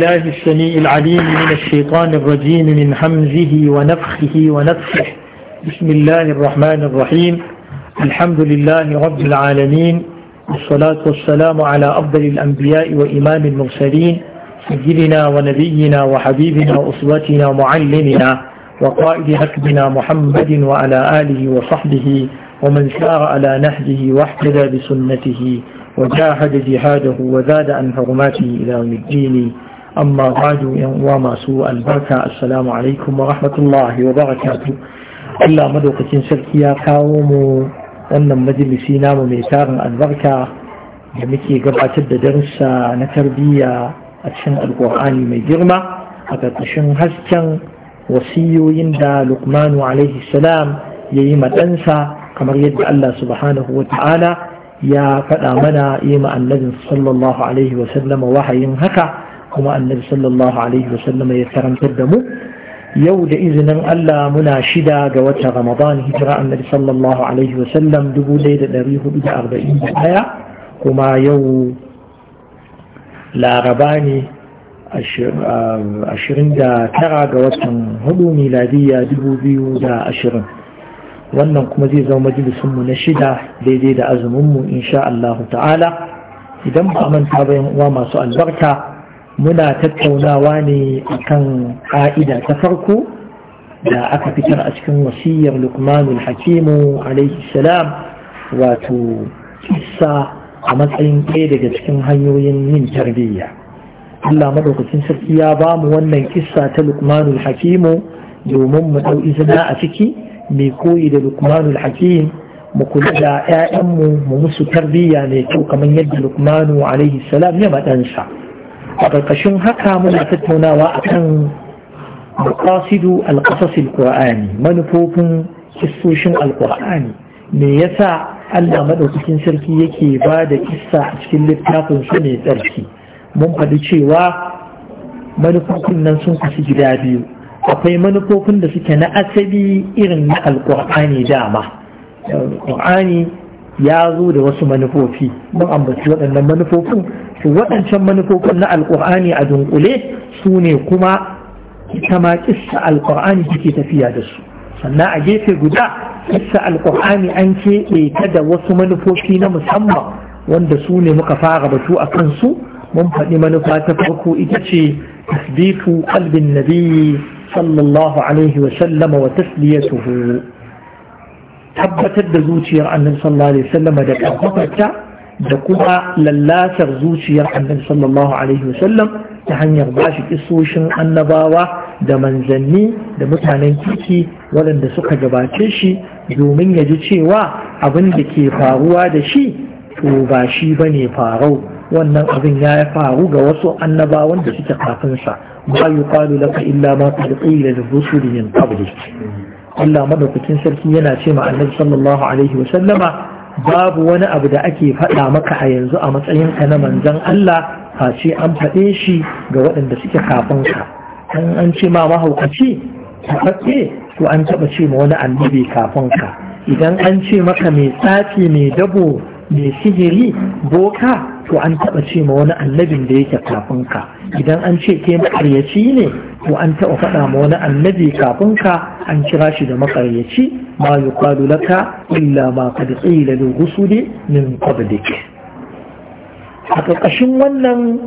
الله السميع العليم من الشيطان الرجيم من حمزه ونفخه ونفخه بسم الله الرحمن الرحيم الحمد لله رب العالمين والصلاة والسلام على أفضل الأنبياء وإمام المرسلين سيدنا ونبينا وحبيبنا وأسوتنا ومعلمنا وقائد حكمنا محمد وعلى آله وصحبه ومن سار على نهجه واحتدى بسنته وجاهد جهاده وزاد عن حرماته إلى يوم الدين amma ba'du yan uwa masu albarka assalamu alaikum wa rahmatullahi wa barakatu Allah madaukakin sarki ya kawo mu wannan majalisi namu mai tarin albarka da muke gabatar da darussa na tarbiyya a cikin alkur'ani mai girma a ƙarƙashin hasken wasiyoyin da lukmanu alaihi salam ya yi maɗansa kamar yadda Allah subhanahu wa ta'ala ya faɗa mana yi ma'annabin sallallahu alaihi wasallama wahayin haka kuma annabi sallallahu alaihi wasallam ya karantar da mu yau da izinin Allah muna shida ga wata Ramadan hijira annabi sallallahu alaihi wasallam 1441 kuma yau laraba ne 29 ah, ga watan hudu miladiyya 2020 wannan kuma zai zama majalisunmu na shida daidai da azuminmu insha Allah ta'ala idan ba manta bayan uwa masu albarka muna tattaunawa ne akan ƙa'ida ta farko da aka fitar a cikin wasiyar lukmanul hakimu alaihi salam wato kissa a matsayin ɗaya daga cikin hanyoyin yin tarbiyya Allah maɗaukacin sarki ya ba mu wannan kissa ta lukmanul hakimu domin mu ɗau izina a ciki mai koyi da lukmanul hakim mu kula da 'ya'yanmu mu musu tarbiyya mai kyau kamar yadda lukmanu alaihi salam ya maɗansa a ƙarƙashin haka muna tattaunawa akan maqasidu al-qasas manufofin kissoshin al me yasa Allah maɗaukakin sarki yake ba da kissa a cikin littafin su ne tsarki mun faɗi cewa manufofin nan sun kasu gida biyu akwai manufofin da suke na asali irin na alƙur'ani dama alƙur'ani ya zo da wasu manufofi mun ambaci waɗannan manufofin su waɗancan manufofin na alƙur'ani a dunkule su ne kuma ita ma ƙissa alƙur'ani suke tafiya da su sannan a gefe guda kisa alƙur'ani an keɓe ta da wasu manufofi na musamman wanda su ne muka fara batu a kansu mun faɗi manufa ta farko ita ce tasbitu qalbin nabiyyi sallallahu alaihi wa sallama wa tasliyatuhu tabbatar da zuciyar annabi sallallahu alaihi wasallam da kafafarta da kuma lallatar zuciyar annabi sallallahu alaihi wasallam ta hanyar bashi kisoshin annabawa da manzanni da mutanen kirki waɗanda suka gabace shi domin ya ji cewa abin da ke faruwa da shi to ba shi ba ne farau wannan abin ya faru ga wasu annabawan da suke kafinsa ba yi kwalo laka illa ma ƙarƙi da rusuri yin Allah madaukakin sarki yana ce ma annabi sallallahu alaihi wa sallama babu wani abu da ake faɗa maka a yanzu a matsayin ka na manzon Allah face an faɗe shi ga waɗanda suke kafin ka an an ce ma mahaukaci faɗe to an taɓa ce ma wani annabi kafin ka idan an ce maka mai tsafi mai dabo mai sihiri boka to an taɓa ce ma wani annabin da yake kafin ka idan an ce ke makaryaci ne to an taɓa faɗa ma wani annabi kafin ka an kira shi da makaryaci ma yuqalu laka illa ma qad qila lil rusuli min qablik a ƙarƙashin wannan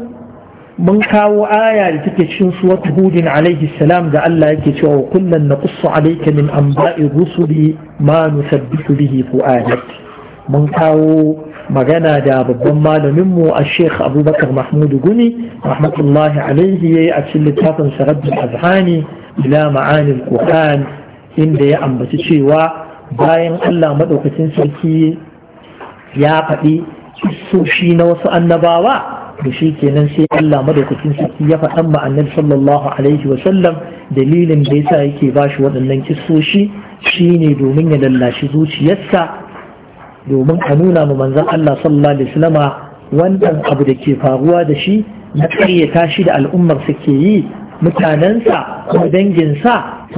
mun kawo aya da take cikin suwat hudin alaihi salam da Allah yake cewa kullun kusa alayka min anba'i rusuli ma nusabbitu bihi fu'adak mun kawo magana da babban malaminmu a sheikh abubakar mahmudu guni rahmatullahi alaihi ya yi a cikin littafin sarabbin azhani ila ma'anin quran. inda ya ambaci cewa bayan allah maɗaukacin sarki ya faɗi shi na wasu annabawa da shi kenan sai Allah madaukakin sarki ya faɗan ma annabi sallallahu alaihi wa sallam dalilin da yasa yake bashi waɗannan kissoshi shine domin ya lallashi zuciyarsa domin a nuna ma manzon Allah sallallahu alaihi wasallama wannan abu da ke faruwa da shi na karyata shi da al'ummar ke yi mutanensa kuma danginsa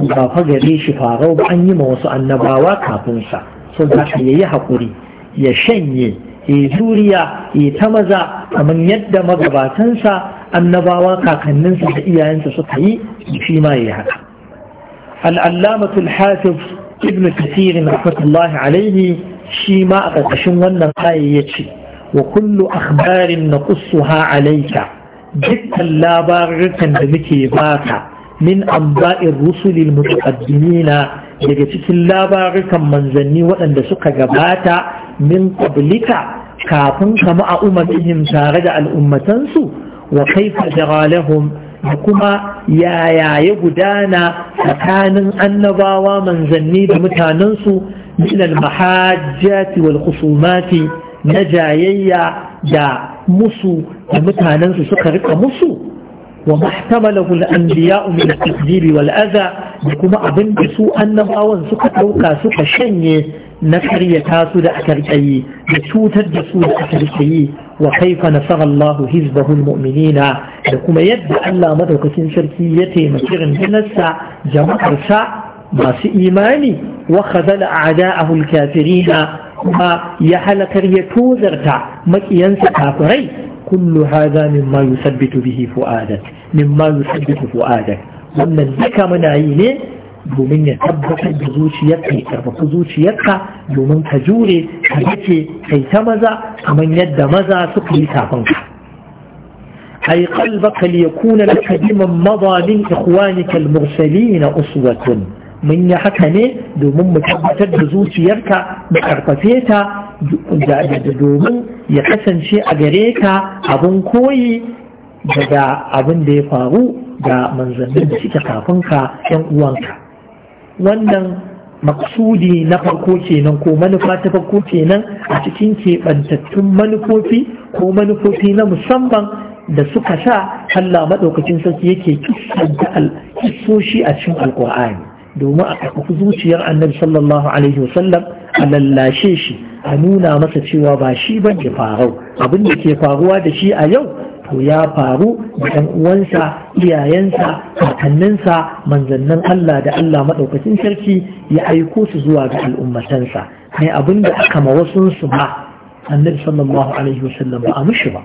ba fa gare shi farau ba an yi ma wasu annabawa kafin sa sun za haƙuri ya shanye ya zuriya ya ta maza kamar yadda magabatansa annabawa kakanninsa da iyayensa suka yi shi ma ya haka al'allamatul hafiz ibn kasirin rahmatullahi alaihi shi ma a ƙarƙashin wannan aya ya ce wa kullu akhbarin na kusuha alaika dukkan labarukan da muke baka min amba'in rusulil mutaqaddimina daga cikin labarukan manzanni waɗanda suka gabata min qablika kafin kama a umatihim tare da al'ummatansu wa kaifa jaralahum da kuma yaya ya gudana tsakanin annabawa manzanni da mutanensu من المحاجات والخصومات نجايا دا مسو ومتانا سكرك مسو وما احتمله الأنبياء من التكذيب والأذى لكما أبن بسوء أنه أول سكة أوكا سكة شنية نكري تاسو دا أكري بسوطة بسوء دا أكري وكيف نصر الله حزبه المؤمنين لكما يدعى الله مدركة سركية مكير من السا جمع السا باس إيماني وخذل أعداءه الكافرين ويحلق يتوزرتا مكينس كافري كل هذا مما يثبت به فؤادك مما يثبت فؤادك ومن ذكى من عيني ومن يتبقى بزوش يكي يتبقى بزوش يكي يومن تجوري كيكي كي تمزى كمن يد مزى سكري سابنك أي قلبك ليكون لك بمن مضى من إخوانك المرسلين أسوة mun yi haka ne domin mu tabbatar da zuciyarka mu karfafe ta domin ya kasance a gare ka abin koyi daga abin da ya faru da manzannin da suke kafin ka yan uwanka wannan maksudi na farko kenan ko manufa ta farko kenan a cikin keɓantattun manufofi ko manufofi na musamman da suka sa Allah maɗaukacin sarki yake kissoshi a cikin alƙur'ani domin a karfafi zuciyar annabi sallallahu alaihi wasallam a lallashe shi a nuna masa cewa ba shi ban ya farau abin da ke faruwa da shi a yau to ya faru da ɗan uwansa iyayensa kakanninsa manzannin Allah da Allah maɗaukacin sarki ya aiko su zuwa ga al'ummatansa ne abin da aka ma wasu su ba annabi sallallahu alaihi wasallam ba a mushi ba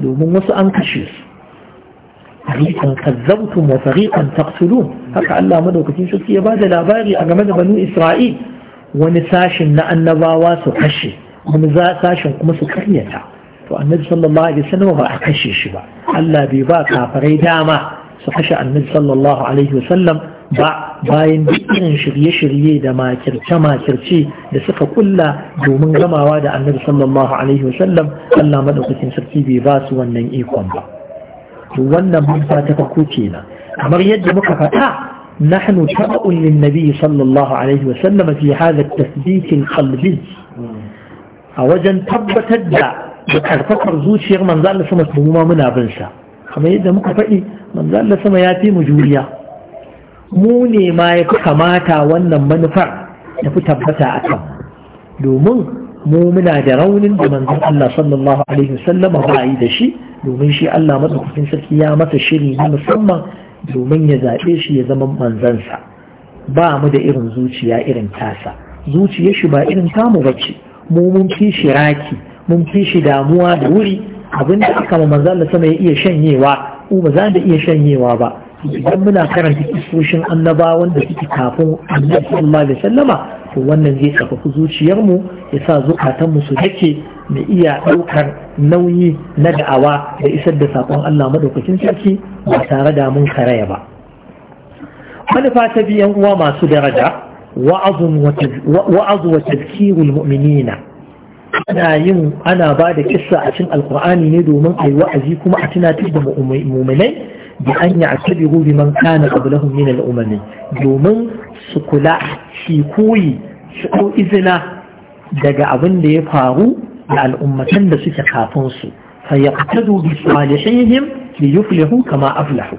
domin wasu an kashe su فريقا كذبتم وفريقا تقتلون هكا الله مدوكتين شكي يبادى لاباري أجمد بنو إسرائيل ونساش أن نباواس وحشي ونساش وقمس كريتا فالنبي صلى الله عليه وسلم وأحكشي شبا الله بيباك فري داما سحشى النبي صلى الله عليه وسلم ba bayan duk irin shirye-shirye da makirce-makirce da suka kulla domin gamawa da annabi sallallahu alaihi wasallam Allah madaukakin sarki bai ba su wannan ikon ba wannan manfa ta farko kenan kamar yadda muka faɗa nahnu tabu'un lin nabi sallallahu alaihi wa sallam fi hadha at-tathbit al-qalbi a wajen tabbatar da da karfafar zuciyar manzo Allah sama mu muna bin sa kamar yadda muka faɗi manzo Allah sama ya fi mu juriya mu ne ma ya kamata wannan manufar ta fi tabbata a kan domin mu muna da raunin da manzo Allah sallallahu alaihi wasallam ba yi da shi domin shi Allah madaukakin sarki ya masa shiri na musamman domin ya zaɓe shi ya zama manzansa ba mu da irin zuciya irin tasa zuciya shi ba irin tamu bace mu mun fi shi raki mun fi shi damuwa da wuri abinda aka ma manzo Allah sama ya iya shanyewa ko ba za mu iya shanyewa ba idan muna karanta kisoshin annabawan da suke kafin annabi sallallahu alaihi wasallama to wannan zai zuciyar mu ya sa zukatanmu su dake mai iya ɗaukar nauyi na da'awa da isar da sakon Allah madaukakin sarki ba tare da mun karaya ba manufa ta biyan uwa masu daraja wa'azu wa tazkirul mu'minina ana yin ana ba da kissa a cikin alkur'ani ne domin a yi wa'azi kuma a tunatar da mu'minai Da an ya'tabiru biman kana qablahum min al domin su kula shi koyi su ko izina daga abin da ya faru da al'ummatan da suke kafin su fa yaqtadu bi salihihim li yuflihu kama aflahu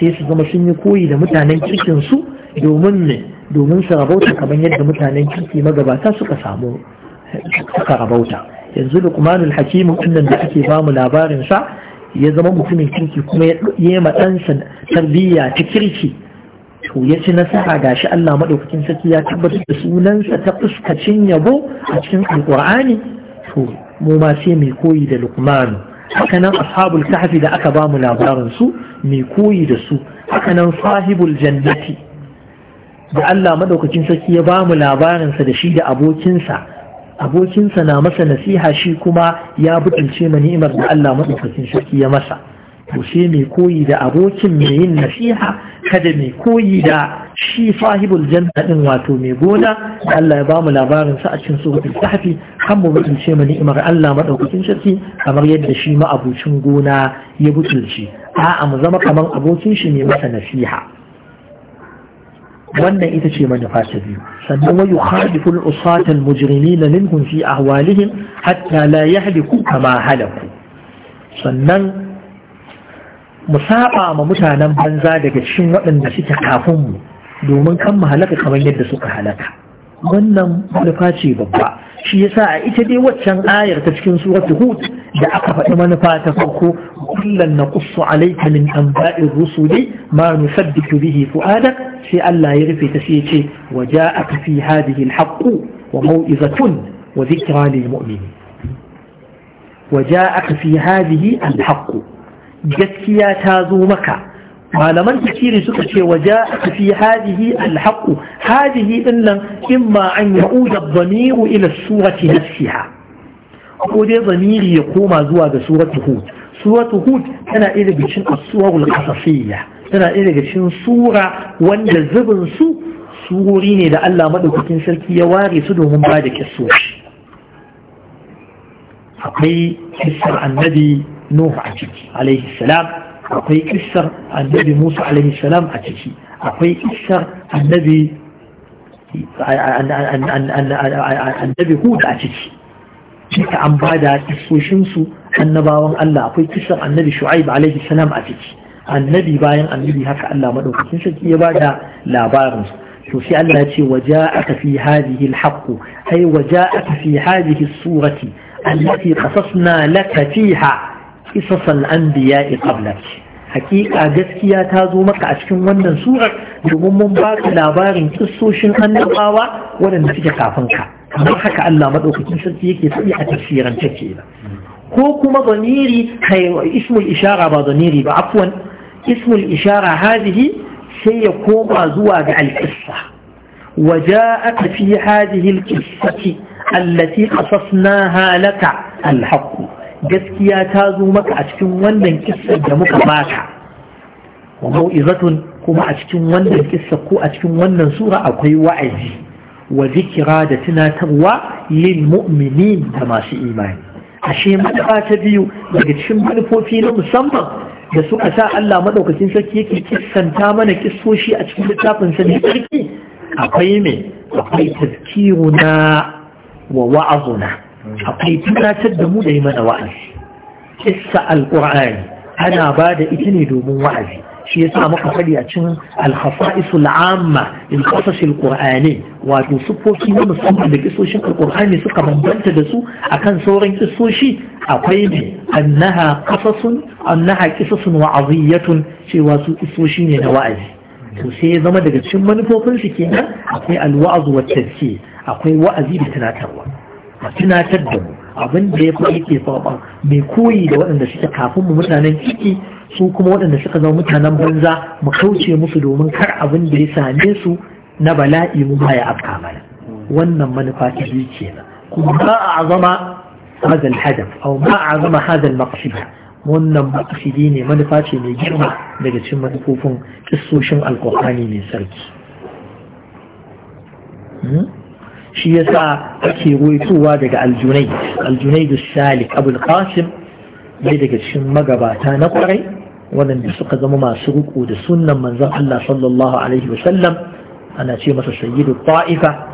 sai su zama sun yi koyi da mutanen kirkin su domin ne domin su rabauta kamar yadda mutanen kirki magabata suka samu suka rabauta yanzu lukmanul hakimin ɗinnan da ake bamu labarin sa ya zama mutumin kirki kuma ya yi ɗansa tarbiyya ta kirki to ya ci nasara gashi Allah maɗaukakin sarki ya tabbatar da sunansa ta fuskacin yabo a cikin alƙur'ani to mu ma sai mai koyi da luqman haka nan ashabul kahfi da aka bamu labarin su mai koyi da su haka nan sahibul jannati da Allah maɗaukakin sarki ya bamu labarin sa da shi da abokinsa abokinsa na masa nasiha shi kuma ya butulce ma ni'imar da Allah maɗaukakin sarki ya masa to sai mai koyi da abokin mai yin nasiha kada mai koyi da shi sahibul janna din wato mai gona da Allah ya bamu labarin sa a cikin suratul kahfi kan mu butulce ma ni'imar Allah maɗaukakin sarki kamar yadda shi ma abokin gona ya butulce a'a mu zama kamar abokin shi mai masa nasiha wannan ita ce manufa ta biyu sannan wa yukhadifu al-usata al-mujrimin minhum fi ahwalihim hatta la yahliku kama halaku sannan mu saba ma mutanen banza daga cikin waɗanda suke kafin mu domin kan mu halaka kamar yadda suka halaka wannan manufa ce babba shi yasa a ita dai waccan ayar ta cikin suratu hud da aka faɗi manufa ta farko na naqussu alaika min anba'ir rusuli ma nusabbitu bihi fu'adak sai Allah ya rufe ta sai ya ce wa ja'aka fi hadhihi al-haqq wa mau'izatun wa dhikra lil mu'minin wa ja'aka fi hadhihi al-haqq gaskiya ta zo maka malaman tafsiri suka ce wa ja'aka fi hadhihi al-haqq hadhihi din nan imma an ya'uda ad-damir ila surati nafsiha ko dai zamiri ya koma zuwa ga suratu hud suratu hud tana irin bicin as-suwar al-qasasiyya suna ɗaya daga cikin sura wanda zubin su surori ne da Allah maɗaukakin sarki ya ware su domin ba da kisso akwai kissar annabi Nuhu a ciki alaihi salam akwai kissar annabi Musa alaihi salam a ciki akwai kissar annabi annabi Hud a ciki cika an ba da kissoshinsu annabawan Allah akwai kissar annabi Shu'aib alaihi salam a ciki annabi bayan annabi haka Allah madaukakin sarki ya bada labarin to sai Allah ya ce waja'aka fi hadhihi al-haqq ay waja'aka fi hadhihi as-surati allati qasasna laka fiha qisas al-anbiya'i qablak hakika gaskiya ta zo maka a cikin wannan surar domin mun baka labarin kissoshin annabawa waɗanda suke kafin ka kamar haka Allah madaukakin sarki yake sai a tafsiran take ko kuma zamiri kai ismul ishara ba zamiri ba afwan اسم الإشارة هذه سيقوم زواج القصة وجاءت في هذه القصة التي قصصناها لك الحق جسكيا تازو مك أشكن ونن قصة جمك باك وموئذة كما أشكن ونن قصة كو أشكن ونن سورة أقوي وعزي وذكرى دتنا تغوى للمؤمنين كما إيمان أشياء مدفع تبيو لقد شمال فوفي لهم da suka sa Allah maɗaukacin sarki yake kissanta mana kissoshi a cikin littafin sa ne sarki akwai me akwai tazkiruna wa wa'azuna akwai tunatar da mu da yi mana wa'azi kissa alqur'ani ana bada ita ne domin wa'azi shi yasa muka faɗi a cikin al-khasa'isul in qasas al wato sufofi na musamman da kisoshin al suka bambanta da su akan sauran kisoshi akwai ne annaha qasasun annaha qisasun wa 'aziyatun cewa su kisoshi ne na wa'azi to sai ya zama daga cikin manufofin su kenan akwai alwa'azu wa tafsir akwai wa'azi da tunatarwa tunatar da mu abin da ya fi yake mai koyi da waɗanda suke kafin mu mutanen ciki su kuma waɗanda suka zama mutanen banza mu kauce musu domin kar abin da ya same su na bala'i mu baya afka mana wannan manufa ta biyu kenan kuma ba a azama هذا الهدف أو ما azama هذا المقصد wannan maƙasidi ne manufa ce mai girma daga cikin manufofin kissoshin alkur'ani mai sarki hmm? shi yasa ake ruwaitowa daga aljunai aljunai da salik abul qasim ɗaya daga cikin magabata na kwarai waɗanda suka zama masu riko da sunnan manzon Allah sallallahu alaihi wasallam ana ce masa sayyidu ta'ifa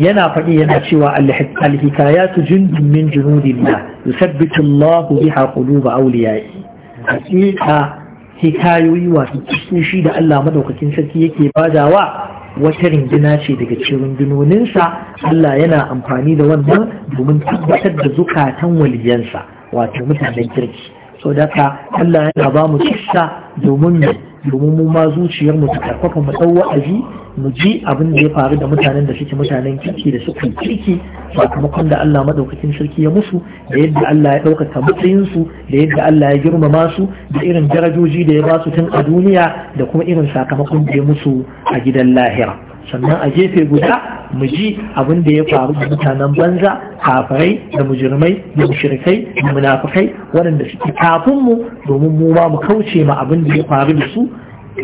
yana faɗi yana cewa alhikayatu jundun min junudillah yusabbitu Allah biha quluba awliyai hakika hikayoyi wasu kishi da Allah madaukakin sarki yake badawa wata ringina ce daga cikin dunoninsa. Allah yana amfani da wannan domin tabbatar da zukatan waliyansa wato mutanen kirki so ka Allah yana ba mu kisa domin domin mu ma zuciyar mu ta karfafa mu dau wa'azi mu ji abin da ya faru da mutanen da suke mutanen kirki da suka kirki sakamakon da Allah madaukakin sarki ya musu da yadda Allah ya ɗaukaka su da yadda Allah ya girmama su da irin darajoji da ya ba su tun a duniya da kuma irin sakamakon da ya musu a gidan lahira sannan a gefe guda mu ji abin da ya faru da mutanen banza kafirai da mujirmai da mushrikai da munafikai waɗanda suke kafin mu domin mu ma mu kauce ma abin da ya faru da su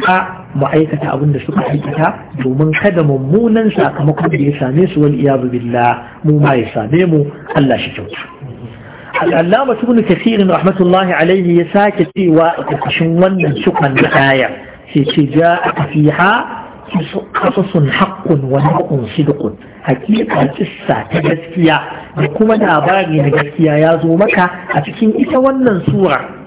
ka ba aikata abin da suka aikata domin kada mummunan sakamakon da ya same su wani iya bubilla mu ma same mu Allah shi kyautu. Al’allama su wani kafirin rahmatullahi alaihi ya sake cewa a ƙarƙashin wannan sukan na ayar sai ce ja a kafiha kasa sun haƙƙun wani haƙƙun sidƙun hakika kissa ta gaskiya da kuma labari na gaskiya ya zo maka a cikin ita wannan surar.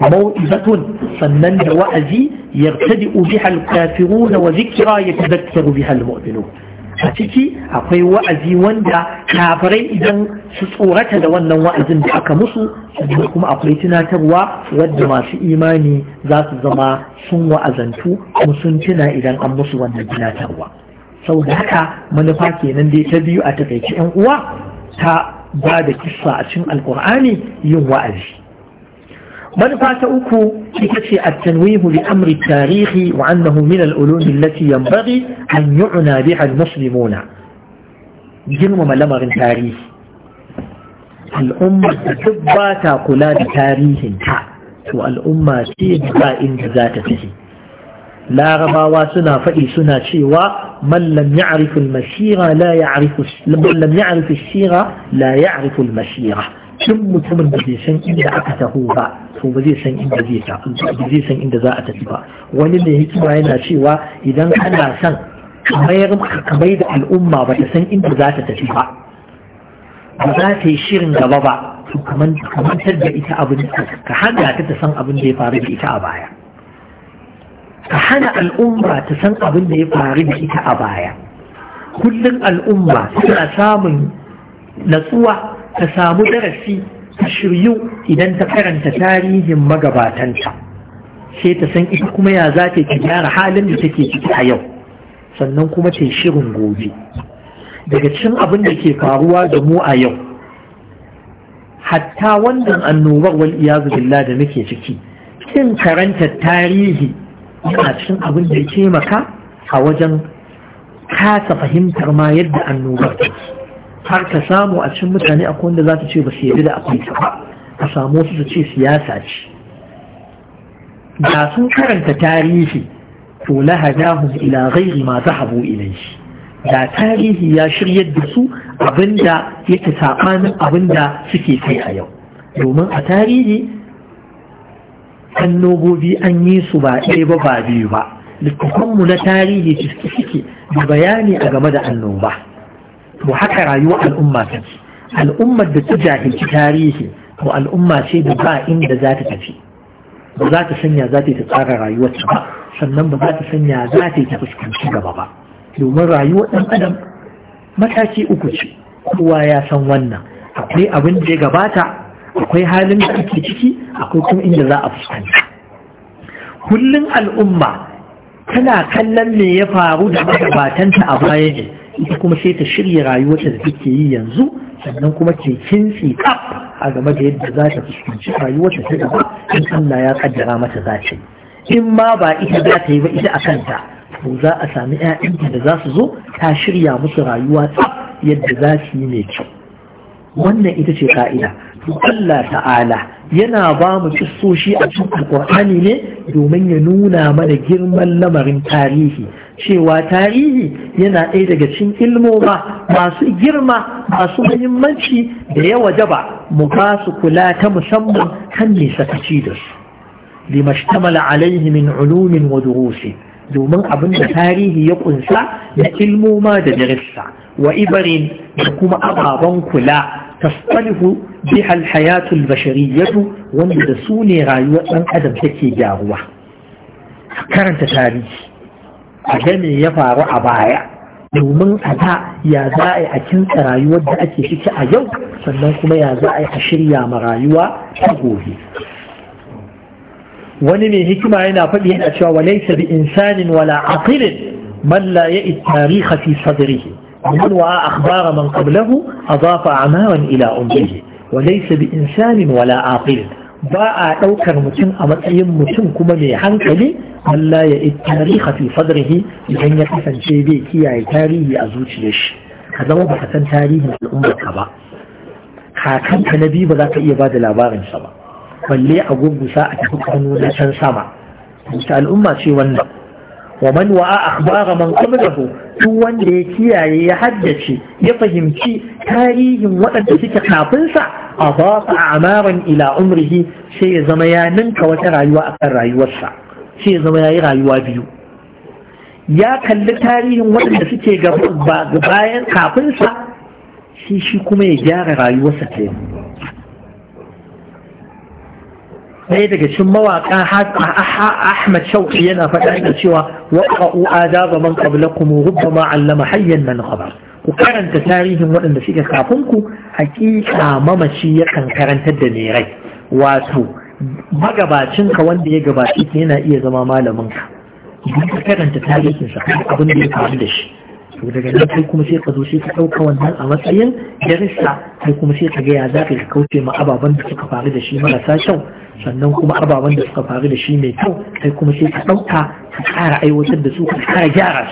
موئبة فمن وعزي يرتدئ بها الكافرون وذكرى يتذكر بها المؤمنون a ciki akwai wa'azi wanda kafirai idan su tsorata da wannan wa'azin da aka musu sannan kuma akwai tunatarwa wadda masu imani za su zama sun wa'azantu kuma sun tuna idan an musu wannan tunatarwa saboda haka manufa kenan dai ta biyu a takaice yan uwa ta ba da kissa a cikin alkur'ani yin wa'azi منفعة أكو تكتفي التنويه لأمر التاريخ وأنه من الألوم التي ينبغي أن يعنى بها المسلمون جنم ملمغ تاريخ الأمة تبا تاقلان تاريخ والأمة تبا إن ذاتته لا غبا واسنا فإي شيوا من لم يعرف المسيرة لا يعرف من لم يعرف السيرة لا يعرف المسيرة, duk mutumin da bai san inda aka taho ba to ba zai san inda zai ta, ba zai san inda za a tafi ba wani mai hikima yana cewa idan ana son kamar kamar da al'umma ba ta san inda za ta tafi ba ba za ta yi shirin gaba ba to kamantar da ita abin ka hana ta ta san abin da ya faru da ita a baya ka hana al'umma ta san abin da ya faru da ita a baya kullum al'umma suna samun natsuwa ta samu darasi ta shiryu idan ta karanta tarihin magabatanta sai ta san ita kuma ya za ta ki gyara halin da take ciki a yau sannan kuma ta shirin gobe daga cikin abin da ke faruwa da mu a yau hatta wannan annobar wal iyazu billah da muke ciki kin karanta tarihi yana cikin abin da ya taimaka a wajen kasa fahimtar ma yadda annobar take har ka samu a cikin mutane akwai wanda za ta ce ba su yabi da akwai ta ba a samu wasu su ce siyasa ce da sun karanta tarihi to lahadahum ila ghairi ma zahabu shi. da tarihi ya shiryar da su abinda yake sabanin abinda suke kai a yau domin a tarihi annobobi an yi su ba ɗaya ba ba biyu ba littattafanmu na tarihi suke da bayani a game da annoba to haka rayuwar al'umma ta al'ummar da ta jahilci tarihi to al'umma ce da ba inda za ta tafi ba za ta sanya za ta tsara rayuwarta ba sannan ba za ta sanya za ta ta fuskanci gaba ba domin rayuwar ɗan adam mataki uku ce kowa ya san wannan akwai abin da ya gabata akwai halin da ake ciki akwai kuma inda za a fuskanta kullum al'umma tana kallon me ya faru da magabatanta a baya ne ita kuma sai ta shirya rayuwarta da take yi yanzu sannan kuma ke kintsi kaf a game da yadda za ta fuskanci rayuwarta ta gaba in Allah ya kaddara mata za ta yi in ma ba ita za ta yi ba ita a kanta to za a sami ƴaƴanta da za su zo ta shirya musu rayuwa tsaf yadda za su yi mai kyau wannan ita ce ka'ida Allah ta'ala yana ba mu kissoshi a cikin alƙur'ani ne domin ya nuna mana girman lamarin tarihi cewa tarihi yana ɗaya daga cikin ilmoma masu girma masu muhimmanci da ya wajaba mu ba su kula ta musamman kan ne sakaci da su lima shtamala alaihi min ulumin wa durusi domin abin da tarihi ya kunsa na ilmoma da darissa wa ibarin da kuma ababen kula tasalihu biha alhayatul bashariyatu wanda da su ne rayuwar ɗan adam take gyaruwa karanta tarihi a game ya faru a baya domin a da ya za a yi a kinsa rayuwar da ake ciki a yau sannan kuma ya za a yi a shirya ma rayuwa ta gobe wani mai hikima yana faɗi yana cewa wa laysa bi insanin wala aqilin man la ya'i tarihi fi sadrihi ومن وعى أخبار من قبله أضاف عمارا إلى أمه وليس بإنسان ولا عاقل باء أوكر متن أمتعي متن كما ليحنك لي من لا يئد تاريخ في صدره لأن يتفن شيبي كي عي تاريه أزوج ليش هذا ما بحثن تاريه الأمة كبا كاكن كنبي بذاك إيباد الأبار سبا بل لي أقول بساعة تكون نونا سما الأمة شي ونه wa man wa'a akhbara man qablahu duk wanda ya kiyaye ya haddace ya fahimci tarihin waɗanda suke kafin sa adafa a'maran ila umrihi sai ya zama ya ninka wata rayuwa akan rayuwarsa sai ya zama yi rayuwa biyu ya kalli tarihin waɗanda suke bayan kafin sa shi shi kuma ya gyara rayuwarsa ta ɗaya daga cikin mawaƙa Ahmad Shauki yana faɗa da cewa waqa'u adaba man qablakum ma allama hayyan nan khabar ku karanta tarihin waɗanda suke kafin ku hakika mamaci yakan karantar da ne wato magabacin ka wanda ya gabaci ka yana iya zama malamin ka idan ka karanta tarihin sa abin da ya faru da shi to daga nan kai kuma sai ka zo sai ka ɗauka wannan a matsayin darissa kai kuma sai ka ga ya za ka kauce ma ababen da suka faru da shi marasa kyau sannan kuma ababen da suka faru da shi mai kyau kai kuma sai ka ɗauka ka ƙara aiwatar da su ka ƙara gyara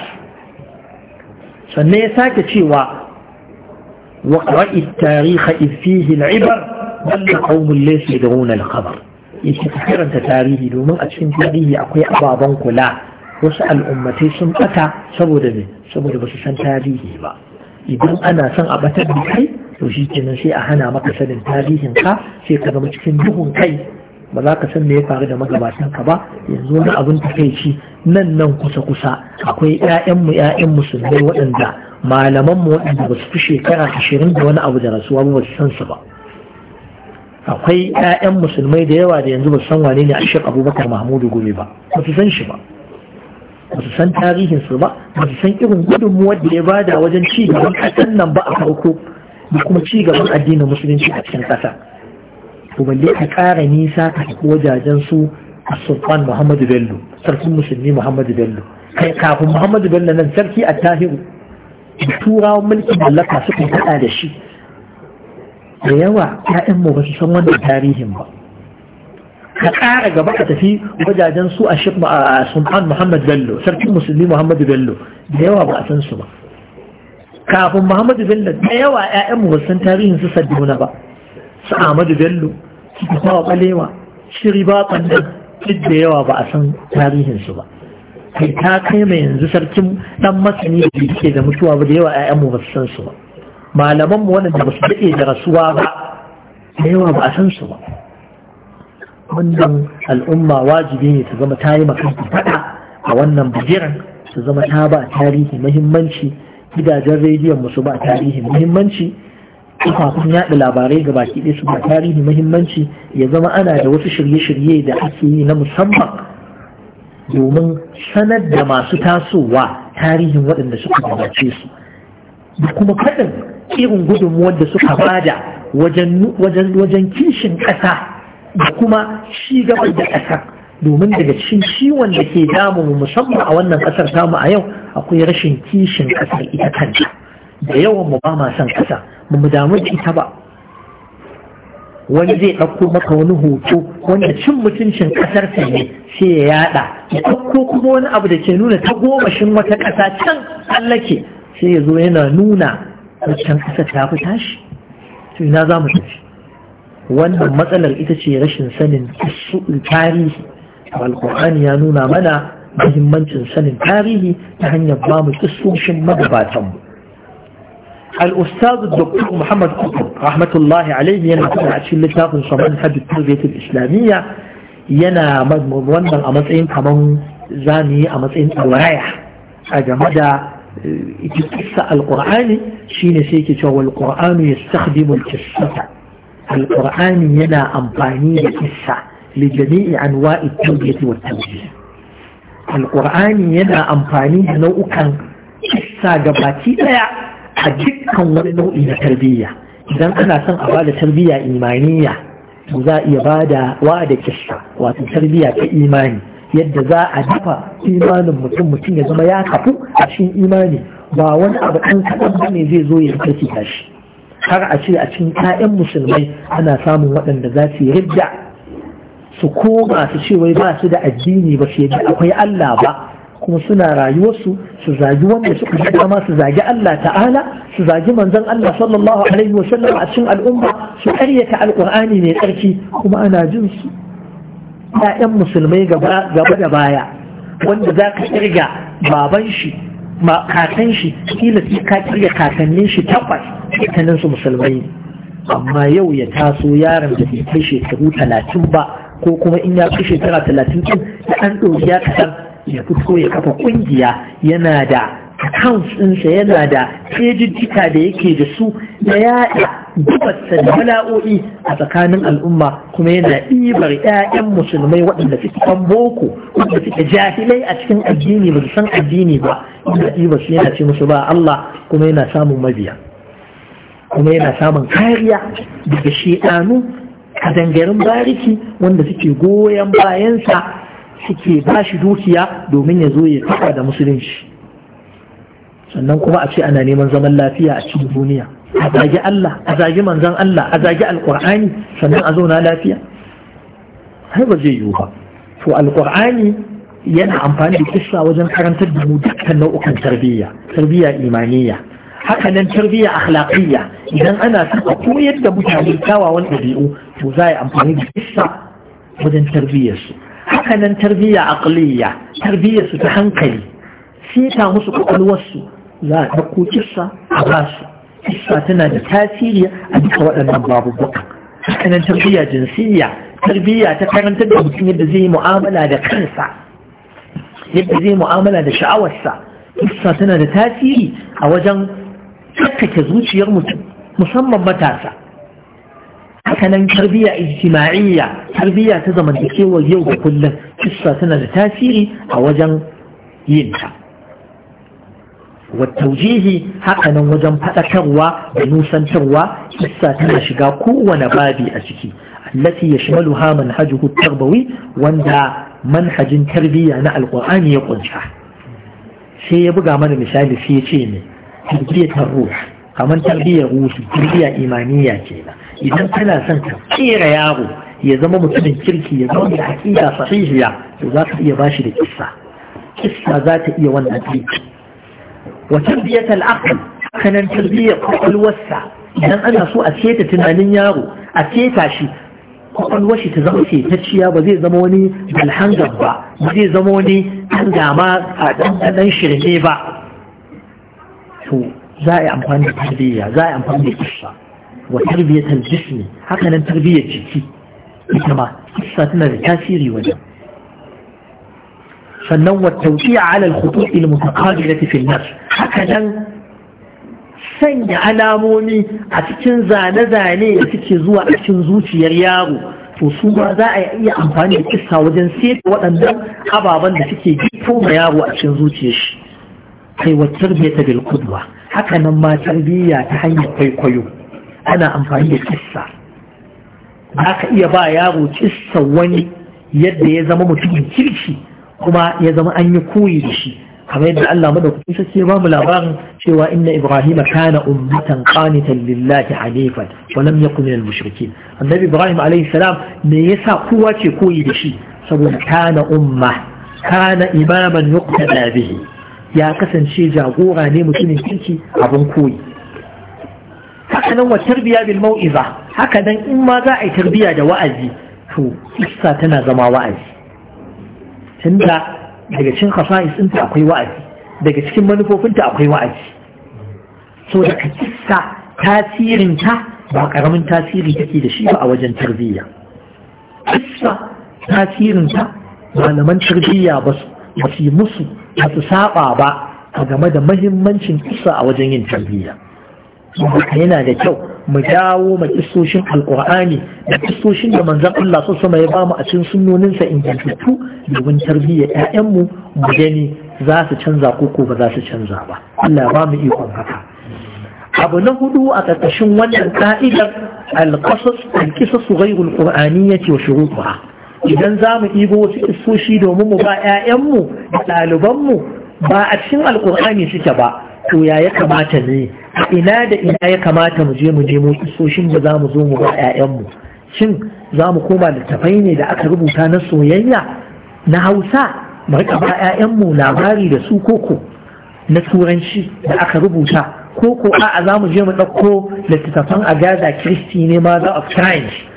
su sannan ya sake cewa wa qra'i tarihi iz fihi al-ibar balla da laysa yad'una yake karanta tarihi domin a cikin tarihi akwai ababen kula wasu al'ummatai sun bata saboda me saboda ba su san tarihi ba idan ana son a batar da kai to shi kenan sai a hana maka sanin tarihin ka sai ka zama cikin duhun kai ba za ka san me ya faru da magabatan ka ba yanzu wani abin takaici nan nan kusa kusa akwai ƴaƴan mu ƴaƴan musulmai waɗanda malaman mu waɗanda ba su fi shekara ashirin da wani abu da rasuwa ba su san su ba akwai ƴaƴan musulmai da yawa da yanzu ba su san wane ne Ashaq Abubakar Mahmudu gobe ba ba su san shi ba ba su san tarihin su ba ba su san irin gudunmuwar da ya bada wajen ci gaban ƙasar nan ba a farko da kuma ci gaban addinin musulunci a cikin ƙasa balle ka ƙara nisa ka tafi wajajen su sultan muhammadu bello sarkin musulmi muhammadu bello kai kafin muhammadu bello nan sarki a tahiru turawan mulkin mallaka suka faɗa da shi da yawa ƴaƴanmu ba su san wannan tarihin ba ka ƙara gaba ka tafi wajajen su a shek sultan muhammad bello sarkin musulmi muhammadu bello da yawa ba a san su ba kafin muhammadu bello da yawa ƴaƴanmu ba su san tarihin su sadduna ba su Ahmadu Bello su kusa wa balewa shi riba duk da yawa ba a san tarihinsu ba kai ta kai mai yanzu sarkin ɗan masani da ke da mutuwa ba da yawa 'ya'yanmu ba su san su ba malamanmu waɗanda ba su daɗe da rasuwa ba da yawa ba a san su ba wannan al'umma wajibi ne su zama ta yi ta faɗa a wannan bajiran su zama ta ba tarihi muhimmanci gidajen rediyon musu ba tarihi muhimmanci kafafun yaɗa labarai ga baki ɗaya su ba tarihi muhimmanci ya zama ana da wasu shirye-shirye da ake yi na musamman domin sanar da masu tasowa tarihin waɗanda suka gabace su da kuma faɗin irin gudunmuwar da suka bada wajen kishin ƙasa da kuma shi gaban da ƙasar domin daga cikin ciwon da ke damu musamman a wannan ƙasar tamu a yau akwai rashin kishin ƙasar ita kanta da yawan mu ba ma son ƙasa ba mu damu da ita ba wani zai ɗauko maka wani hoto wanda cin mutuncin ƙasarsa ne sai ya yaɗa ya kuma wani abu da ke nuna ta gomashin wata ƙasa can tsallake sai ya zo yana nuna wancan ƙasa ta fi tashi to ina za mu tafi wannan matsalar ita ce rashin sanin tarihi alƙur'ani ya nuna mana muhimmancin sanin tarihi ta hanyar ba mu kissoshin magabatanmu الأستاذ الدكتور محمد قطب رحمة الله عليه ينا كنا أشيل لتاف شمال حد التربية الإسلامية ينا مضمون وانا أمسين كمان زاني أمسين الرايح أجمد كسة آه، القرآن شين سيكي شو القرآن يستخدم الكسة القرآن ينا أمباني الكسة لجميع أنواع التربية والتوجيه القرآن ينا أمباني نوع كان كسة جباتي a dukkan wani nau'i na tarbiyya idan ana son a bada tarbiyya imaniya to za a iya bada wa da kishka wato tarbiyya ta imani yadda za a dafa imanin mutum mutum ya zama ya kafu a cikin imani ba wani abu ɗan kaɗan ba ne zai zo ya kake shi har a ce a cikin 'ya'yan musulmai ana samun waɗanda za su yi ridda su koma su ce wai ba su da addini ba su yadda akwai Allah ba kuma suna rayuwarsu su zagi wanda suka ji dama su zagi Allah ta'ala su zagi manzon Allah sallallahu alaihi wasallam a cikin al'umma su karyata alqur'ani mai tsarki kuma ana jin su ƴaƴan musulmai gaba da baya wanda za ka kirga baban shi kakan shi kila sai ka kirga kakannin shi tabbas kakannin su musulmai amma yau ya taso yaron da bai kai shekaru talatin ba ko kuma in ya kai shekara talatin ɗin da an ɗauki ya kasan ya fito ya kafa kungiya yana da accounts ɗinsa yana da fejijjika da yake da su na yaɗa dubarsa da bala'o'i a tsakanin al'umma kuma yana ɗibar 'ya'yan musulmai waɗanda suke kan boko waɗanda suke jahilai a cikin addini ba su san addini ba inda ɗibar su yana ce musu ba Allah kuma yana samun mabiya kuma yana samun kariya daga shi'anu a dangarin bariki wanda suke goyon bayansa suke ba shi dukiya domin ya zo ya kafa da musulunci sannan kuma a ce ana neman zaman lafiya a cikin duniya a zagi Allah a zagi manzan Allah a zagi alkur'ani sannan a zauna lafiya har ba zai yiwu ba to alkur'ani yana amfani da kissa wajen karantar da mu dukkan nau'ukan tarbiyya tarbiyya imaniyya haka nan tarbiyya akhlaqiyya idan ana son a koyar da mutane kyawawan ɗabi'u to za a yi amfani da kissa wajen tarbiyyarsu haka nan tarbiyya aqliya tarbiyyar su ta hankali sita musu kwakwalwarsu za a ɗauko kissa a basu kissa tana da tasiri a duka waɗannan babu haka nan tarbiyya jinsiyya tarbiyya ta karantar da mutum yadda zai mu'amala da kansa yadda zai mu'amala da sha'awarsa kissa tana da tasiri a wajen tsakake zuciyar mutum musamman matasa Hakanan nan ijtima'iyya tarbiyya ta zamantakewar yau da kullum kissa tana da tasiri a wajen yin ta wattaujihi hakanan wajen faɗakarwa da nusantarwa kissa tana shiga kowane babi a ciki allati yashmaluha manhajuhu tarbawi wanda manhajin tarbiyya na alqur'ani ya kunsa sai ya buga mana misali sai ya ce ne tarbiyyar ruh kamar tarbiyyar ruhi tarbiyyar imaniya kenan idan kana son ka kera yaro ya zama mutumin kirki ya zama da aƙida sahihiya to za ka iya bashi da kissa kissa za ta iya wannan aiki wa tarbiyyat al-aql kanan tarbiyyar kwakwalwarsa idan ana so a ceta tunanin yaro a ceta shi kwakwalwar shi ta zama cetacciya ba zai zama wani alhangar ba ba zai zama wani an dama a ɗanɗanan shirme ba to za a yi amfani da tarbiyya za a yi amfani da kissa wa tarbiyatar jismi haka nan tarbiyyar jiki ita ma kissa tana da tasiri wajen sannan wa tauqiya ala al-khutu'i al-mutaqabilati fi an-nafs haka nan sanya alamomi a cikin zane-zane da suke zuwa a cikin zuciyar yaro to su ba za a iya amfani da kisa wajen seta waɗannan ababen da suke gito ma yaro a cikin zuciyar shi kai wa tarbiyyar bil qudwa haka nan ma tarbiyya ta hanyar kwaikwayo ana amfani da kissa za ka iya ba yaro kissa wani yadda ya zama mutumin kirki kuma ya zama an yi koyi da shi kamar yadda Allah madaukakin sarki ya bamu labarin cewa inna ibrahima kana ummatan qanitan lillahi hanifan wa lam yakun minal mushrikeen annabi ibrahim alayhi salam me yasa kowa ce koyi da shi saboda kana umma kana imaman yuqtada bihi ya kasance jagora ne mutumin kirki abin koyi haka nan wa tarbiya bil mau'iza haka nan in ma za a yi tarbiya da wa'azi to kissa tana zama wa'azi tunda daga cikin khasa'is ɗinta akwai wa'azi daga cikin manufofinta akwai wa'azi so da kissa tasirinta ba karamin tasiri take da shi ba a wajen tarbiyya kissa tasirinta malaman tarbiyya ba su yi musu ba su saba ba a game da mahimmancin kissa a wajen yin tarbiyya yana da kyau mu dawo ma kissoshin alkur'ani da kissoshin da manzan Allah su sama ya bamu a cikin sunnoninsa ingantattu domin tarbiyyar ƴaƴanmu mu gani za su canza ko ba za su canza ba Allah ya bamu ikon haka abu na hudu a ƙarƙashin wannan ka'idar alƙasas alƙisas ghairul qur'aniyyati wa shurutuha idan za mu ɗibo wasu kissoshi domin mu ba ƴaƴanmu da ɗalibanmu ba a cikin alkur'ani suke ba to ya ya kamata ne ina da ina ya kamata mu je mu je mu isoshin da zamu zo mu ba ƴaƴanmu shin zamu mu koma tafai ne da aka rubuta na soyayya na hausa mu rika ba mu, labari da su koko na turanci da aka rubuta koko a'a za mu je mu ɗauko littattafan agaza kristi ne ma za a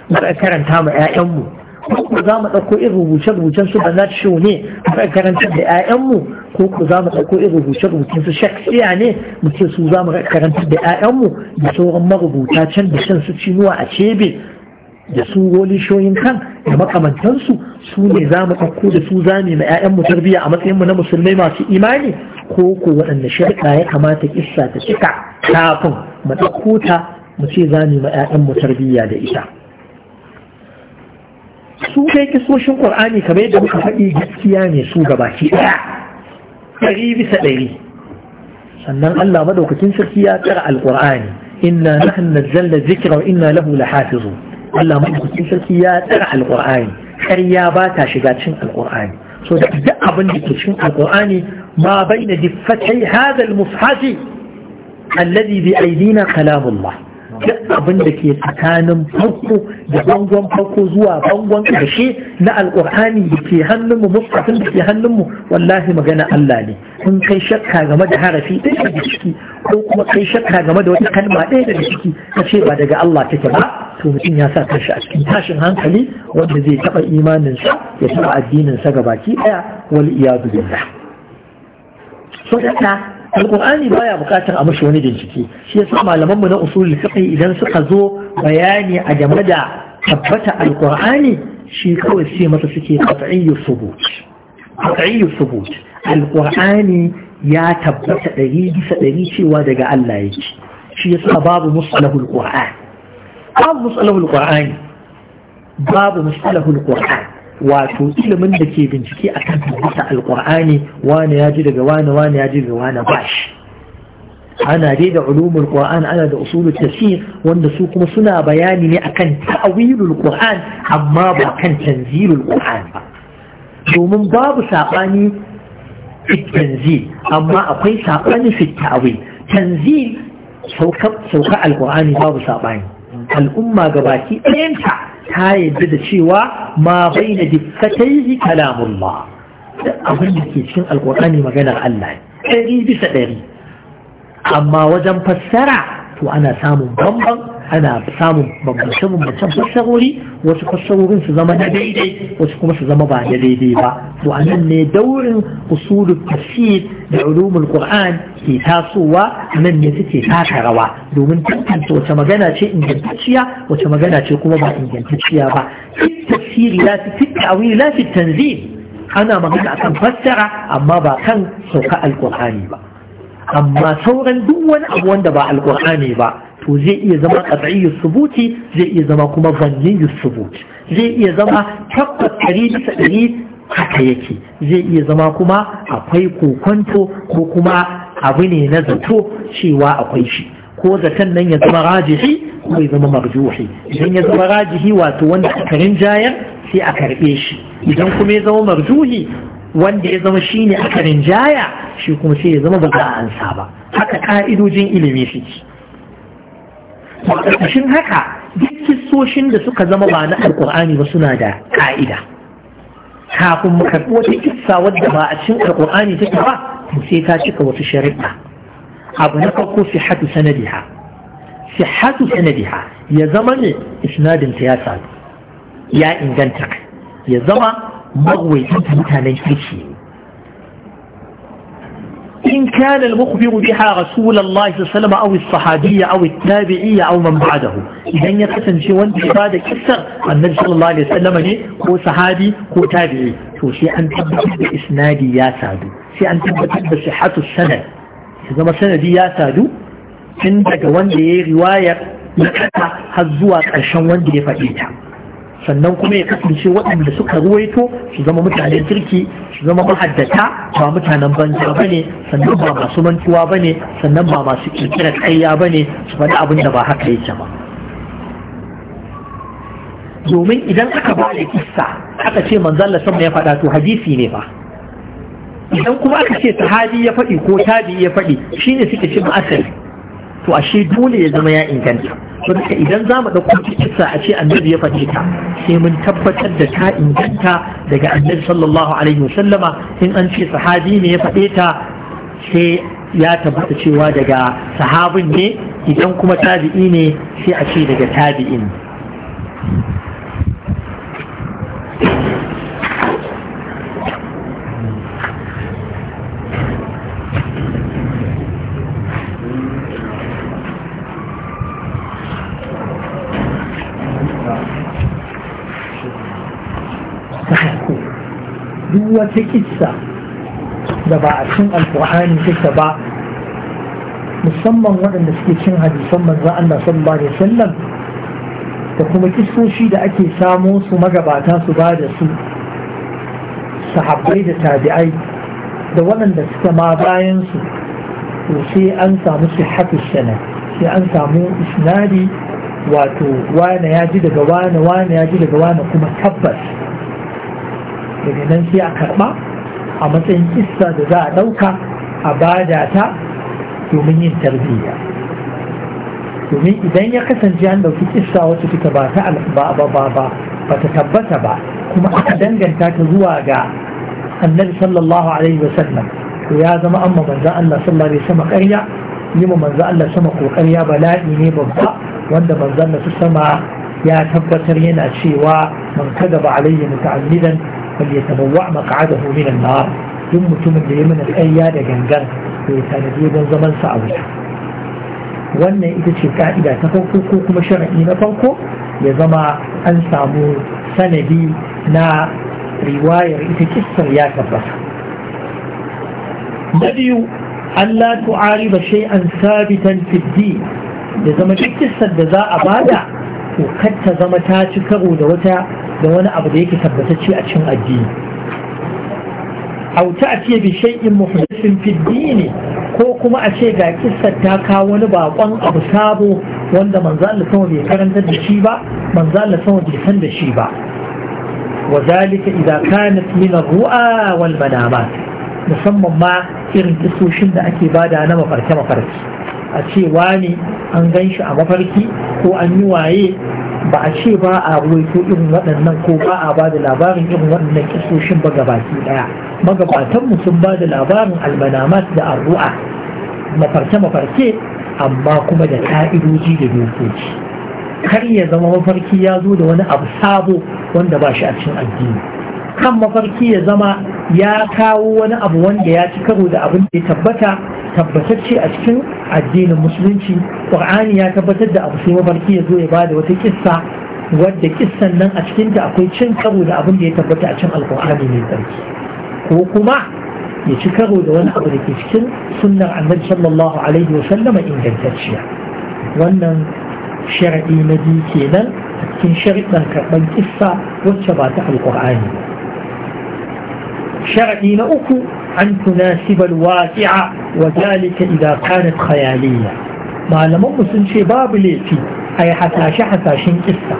mu karanta mu 'ya'yanmu ko za mu ɗauko irin rubuce-rubucen su Bernard Shaw ne a karantar da 'ya'yanmu ko ko za mu ɗauko irin rubuce-rubucen su Shakespeare ne mu ce su za mu karantar da 'ya'yanmu da sauran marubuta can da can su cinuwa a cebe da su woli shoyin kan da makamantansu su ne za mu ɗauko da su za mu ma 'ya'yanmu tarbiyya a matsayinmu na musulmai masu imani ko ko waɗanne shirka ya kamata kissa ta cika kafin mu ɗauko ta mu ce za mu ma 'ya'yanmu tarbiyya da ita. su dai kisoshin ƙwar'ani kamar yadda muka faɗi gaskiya ne su gabaki ɗaya ɗari bisa ɗari sannan Allah madaukakin sarki ya tsara alƙur'ani inna nahnu nazzalna dhikra wa inna lahu lahafizun Allah madaukakin sarki ya tsara alƙur'ani ƙarya ba ta shiga cikin alƙur'ani so da duk abin da ke cikin alƙur'ani ma baina diffatai hadha al alladhi bi aydina kalamullah duk abin da ke tsakanin farko da bangon farko zuwa bangon ƙarshe na alƙur'ani da ke hannunmu mustafin da ke hannunmu wallahi magana Allah ne in kai shakka game da harafi ɗaya daga ciki ko kuma kai shakka game da wata kalma ɗaya daga ciki ka ce ba daga Allah take ba to mutum ya sa kanshi a cikin tashin hankali wanda zai taɓa imaninsa ya taɓa addininsa gabaki ɗaya wal iyadu billah so da alkur'ani baya bukatar a mashi wani bincike shi yasa malaman mu na usul fiqh idan suka zo bayani a game da tabbata alqur'ani shi kawai sai masa suke qat'iyyu subut qat'iyyu subut alqur'ani ya tabbata ɗari bisa ɗari cewa daga Allah yake shi yasa babu musalahul qur'an babu musalahul qur'ani babu musalahul wato ilimin da ke bincike a kan tabbata alƙur'ani wane ya ji daga wane wane ya ji daga wane ba shi ana dai da ulumul qur'an ana da usulul tafsir wanda su kuma suna bayani ne akan ta'wilul qur'an amma ba kan tanzilul qur'an ba domin babu sabani fi tanzil amma akwai sabani fitawi, ta'wil tanzil sauka sauka alqur'ani babu sabani al'umma gabaki ɗayanta ta yadda da cewa ma bai na dikkatai kalamullah abin da ke cikin alkur'ani maganar Allah ɗari bisa ɗari amma wajen fassara to ana samun bambam ana samun bambance bambancen fassarori wasu fassarorin su zama na daidai wasu kuma su zama ba na daidai ba to a nan ne daurin usulul tafsir da ulumul qur'an ke tasowa nan ne suke taka rawa domin tantance wace magana ce ingantacciya wace magana ce kuma ba ingantacciya ba tafsiri la fi ta'wili la fi tanzil ana magana akan fassara amma ba kan sauka alqur'ani ba amma sauran duk wani abu wanda ba alqur'ani ba to zai iya zama qat'iyyus subuti zai iya zama kuma zanniyyus subuti zai iya zama tabbas ɗari bisa ɗari haka yake zai iya zama kuma akwai kokonto ko kuma abu ne na zato cewa akwai shi ko zaton nan ya zama rajihi ko ya zama marjuhi idan ya zama rajihi wato wanda karin jayar sai a karɓe shi idan kuma ya zama marjuhi wanda ya zama shine karin jaya, shi kuma sai ya zama ba za a ansa ba haka ka'idojin ilimi suke ƙarƙashin haka duk kissoshin da suka zama ba na alƙur'ani ba suna da ƙa'ida kafin mu karɓi wata kissa wadda ba a cikin alƙur'ani take ba sai ta cika wasu shari'a abu na farko sihhatu sanadiha sihhatu sanadiha ya zama ne isnadin ta ya sadu ya inganta ya zama magwaitan mutanen kirki إن كان المخبر بها رسول الله صلى الله عليه وسلم أو الصحابية أو التابعية أو من بعده إذا يقسم شيء وانت بعد كسر النبي صلى الله عليه وسلم لي هو صحابي هو تابعي شو شيء أن تبت بإسنادي يا سادو شيء أن تبت بصحة السنة إذا ما سندي يا سادو عندك وانت رواية لكتا هزوات عشان وانت فإيتها sannan kuma ya kasance waɗanda suka ruwaito su zama mutanen kirki su zama mahaddata ba mutanen banza ba ne sannan ba masu mantuwa ba ne sannan ba masu kirkirar ƙarya ba ne su faɗi abin da ba haka yake ba domin idan aka ba da kissa aka ce manzalla sama ya faɗa to hadisi ne ba idan kuma aka ce ta sahabi ya faɗi ko tabi ya faɗi shine suke cin asali to ashe dole ya zama ya inganta don idan za mu ɗauko kisa a ce annabi ya faɗi ta sai mun tabbatar da ta inganta daga annabi sallallahu alaihi wasallama in an ce sahabi ne ya faɗe ta sai ya tabbata cewa daga sahabin ne idan kuma tabi'i ne sai a ce daga tabi'in duk wata kissa da ba a cin alkur'ani take ba musamman waɗanda suke cin hadisan manzan Allah sallallahu alaihi wasallam da kuma kissoshi da ake samo su magabata su ba da su sahabbai da tabi'ai da waɗanda suka ma bayan su to sai an samu sihhatu sana sai an samu isnadi wato wane ya ji daga wane wane ya ji daga wane kuma tabbas daga nan sai a karɓa a matsayin kissa da za a ɗauka a bada ta domin yin tarbiyya domin idan ya kasance an ɗauki kissa wacce take ba ta ba ba ba ba ta tabbata ba kuma aka danganta ta zuwa ga annabi sallallahu alaihi to ya zama amma manzan Allah sallallahu alaihi wasallam ƙarya yi ma Allah sama ƙoƙarya bala'i ne babba wanda manzan Allah sama ya tabbatar yana cewa man kadaba alayya muta'ammidan فليتبوع مقعده من النار duk mutumin da ya mana ƙarya da gangan to ya tanadi don zaman sa a wuta wannan ita ce ka'ida ta farko ko kuma shara'i na farko ya zama an samu sanadi na riwayar ita kissar ya tabbata na biyu Allah tu'ariba shay'an sabitan fiddi ya zama duk da za a bada to kar ta zama ta ci karo da wata da wani abu da yake tabbatacce a cin addini Auta a bi shay'in muhdathin fi ad ko kuma a ce ga kissar ta kawo wani bakon abu sabo wanda manzo Allah sama bai karanta da shi ba manzo Allah sama bai san da shi ba wa zalika idza kanat min ar-ru'a wal manamat musamman ma irin kisoshin da ake bada na mafarke mafarki a ce wani an gan shi a mafarki ko an yi waye ba a ce ba a ruwaito irin waɗannan ko ba a ba da labarin irin waɗannan kisoshin ba gabaki ɗaya magabatanmu sun ba da labarin almanamat da arru'a mafarke-mafarke amma kuma da ka'idoji da dokoki kar ya zama mafarki ya zo da wani abu sabo wanda ba shi a cikin addini kan mafarki ya zama ya kawo wani abu wanda ya ci karo da abin da ya tabbata tabbatacce a cikin addinin musulunci ƙur'ani ya tabbatar da abu sai mafarki ya zo ya bada wata kissa wadda kissan nan a cikinta akwai cin karo da abin da ya tabbata a cin alƙur'ani mai tsarki ko kuma ya ci karo da wani abu da ke cikin sunnar annabi sallallahu alaihi wa sallama ingantacciya wannan sharaɗi na biyu kenan a cikin sharaɗin karɓar kissa wacce ba ta alƙur'ani sharaɗi na uku أن تناسب الواقع وذلك إذا كانت خيالية ما لم مسلم باب ليتي أي حساش شين قصة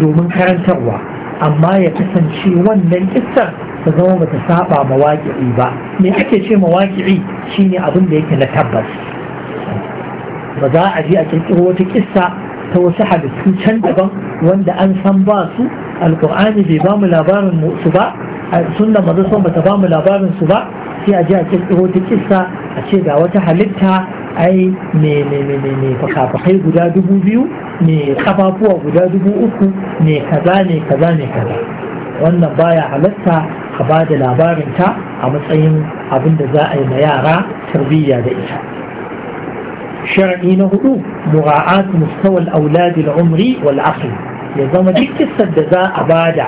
دومن كان تروى أما يكسن شي ونن قصة تزوم متسابع مواقعي با من أكي شي مواقعي شيني أظن ليك نتبس ba za a je a ta wasu halittu can daban wanda an san ba su alkur'ani bai ba mu labarin su ba sunna maza son bata ba mu labarin su ba sai a ji a kirkiro ta kissa a ce ga wata halitta ai me me me me fakafakai guda dubu biyu me kafafuwa guda dubu uku me kaza ne kaza ne kaza wannan baya halatta a ba da labarinta a matsayin abin da za a yi ma yara tarbiyya da ita sharaɗi na hudu mura'at mustawal auladil umri wal aqli ya zama duk kissar da za a bada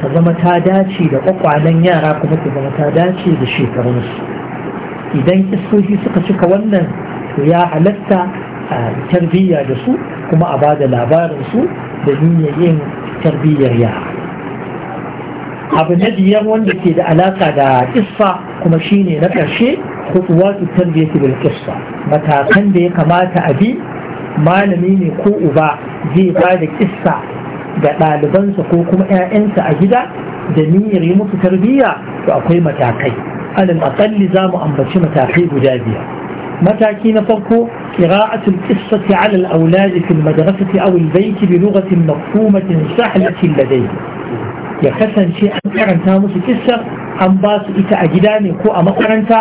ta zama ta dace da kwakwalen yara kuma ta zama ta dace da shekarunsu idan kissoshi suka cika wannan to ya halatta a tarbiyya da su kuma a bada labarin su da niyyar yin tarbiyyar yara abu na biyan wanda ke da alaka da kissa kuma shine na karshe ƙarshe khutuwatu tarbiyati bil qissa matakan da ya kamata a bi malami ne ko uba zai ba da kissa ga ɗalibansa ko kuma 'ya'yansa a gida da niyyar yi musu tarbiyya to akwai matakai alal aqalli za mu ambaci matakai guda biyar mataki na farko قراءة القصة على الأولاد في المدرسة أو البيت بلغة مفهومة سهلة لديهم ya kasance an karanta musu kissa an basu ita a gida ne ko a makaranta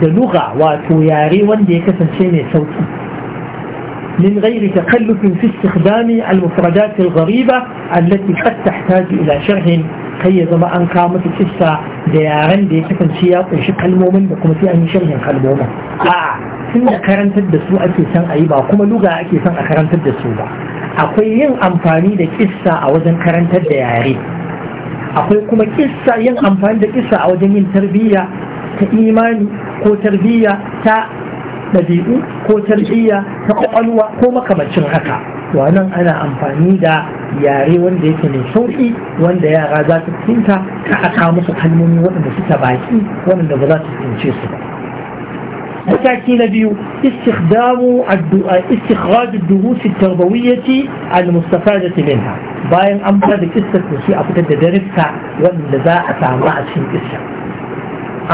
da luga wato yare wanda ya kasance mai sauki min ghairi takallufin fi istikhdami al-mufradat al-ghariba allati qad tahtaju ila sharhin kai ya zama an kawo musu kissa da yaren da ya kasance ya kunshi kalmomin da kuma sai an yi sharhin kalmomin a'a tun da karantar da su ake son a yi ba kuma luga ake son a karantar da su ba akwai yin amfani da kissa a wajen karantar da yare akwai kuma kissa yin amfani da kissa a wajen yin tarbiyya ta imani ko tarbiyya ta ɗabi'u ko tarbiyya ta ƙwaƙwalwa ko makamacin haka wannan ana amfani da yare wanda yake mai sauƙi wanda yara za su tinta ta aka musu kalmomi waɗanda suka baki waɗanda ba za su tince su ba أتأتي نبي استخدام استخراج الدروس التربوية المستفادة منها باين أمر ذلك استخدام شيء أفضل تدرسها ومن عن رأس في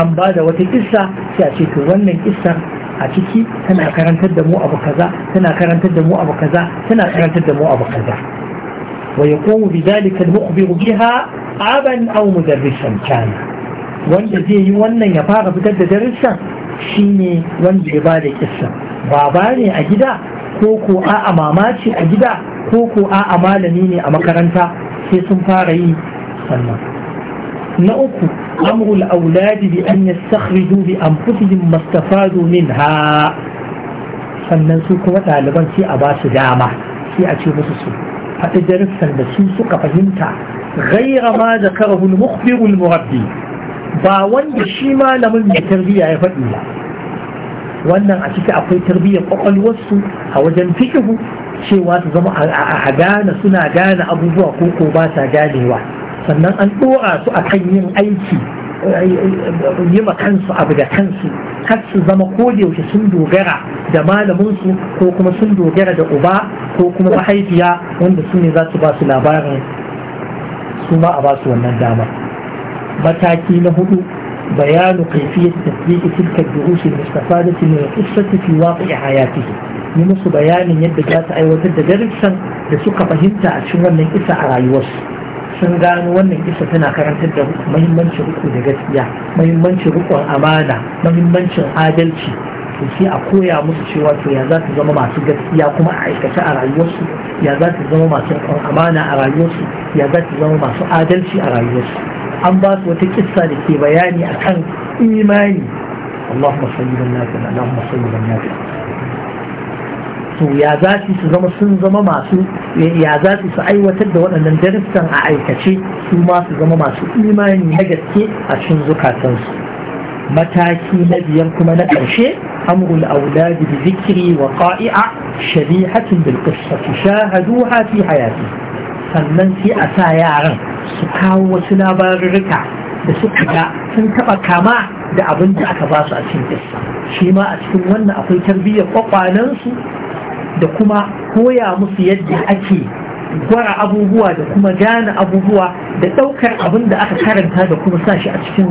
أم بعد وتي القصة سأشيك ومن القصة أشيكي تنا كرن تدمو أبو كذا تنا كرن تدمو أبو كذا تنا كرن تدمو أبو كذا ويقوم بذلك المخبر بها أبا أو مدرسا كان وانجزي يوانا يفاق بكذا درسا shine wanda ya bada kissa baba ne a gida ko ko a mama ce a gida ko ko a malami ne a makaranta sai sun fara yi sannan na uku amrul auladi bi an yastakhriju bi anfusihim mastafadu minha sannan su kuma ɗaliban sai a ba su dama sai a ce musu su faɗi darussan da su suka fahimta غير ما ذكره المخبر المربي ba wanda shi malamin mai tarbiyya ya faɗi ba wannan a ciki akwai tarbiyyar ƙwaƙwalwarsu a wajen fikihu cewa su zama a gane suna gane abubuwa ko ko ba sa ganewa sannan an ɗora su a kan yin aiki yi ma kansu abu da kansu har su zama ko da yaushe sun dogara da malaminsu ko kuma sun dogara da uba ko kuma mahaifiya wanda su ne za su ba su labarin su ma a ba su wannan damar mataki na hudu بيان كيفية تطبيق تلك الدروس المستفادة من القصة في واقع حياته يمس بيان يد جات أي أيوة وتد درسا لسوق فهمت أشو من إسا على يوس سنغان ون إسا تنا كان تد مهمان شرق دجاتيا مهمان شرق أمانة مهمان شرق عادلتي sai a koya musu cewa to ya za su zama masu gaskiya kuma a aikace a rayuwarsu ya za su zama masu amana a rayuwarsu ya za su zama masu adalci a rayuwarsu an ba su wata kissa da ke bayani akan imani Allahumma sayyidan nafi Allahumma sayyidan nafi to ya za su su zama sun zama masu ya za su su aiwatar da waɗannan darussan a aikace su ma su zama masu imani na gaske a cikin zukatansu mataki na biyar kuma na ƙarshe أمر الأولاد بذكري وقائع شبيحة بالقصة شاهدوها في حياتهم sannan sai a sa yaran su kawo wasu labarurruka da suka ga sun taba kama da abin da aka ba su a cikin kisa. shi ma a cikin wannan akwai tarbiyyar kwakwalensu da kuma koya musu yadda ake gwara abubuwa da kuma gane abubuwa da ɗaukar abin da aka karanta da kuma sa shi a cikin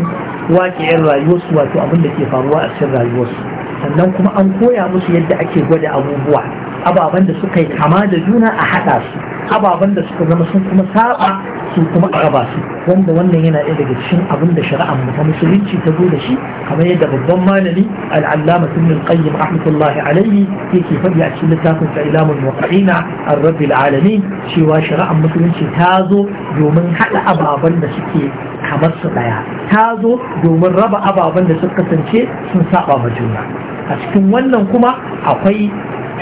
waƙiyar rayuwarsu wato abin da ke faruwa a cikin rayuwarsu sannan kuma an koya musu yadda ake gwada abubuwa ababen da suka yi kama da juna a haɗa su ababen da suka zama sun kuma saba su kuma a raba su wanda wannan yana ɗaya daga cikin abin da shari'ar mu ta musulunci ta zo da shi kamar yadda babban malami al'allama ibn al-qayyim rahmatullahi alayhi yake faɗi a cikin littafin sa ilamul muqina ar-rabbil alamin cewa shari'ar musulunci ta zo domin haɗa ababen da suke kamar su ɗaya ta zo domin raba ababen da suka kasance sun saba ma juna a cikin wannan kuma akwai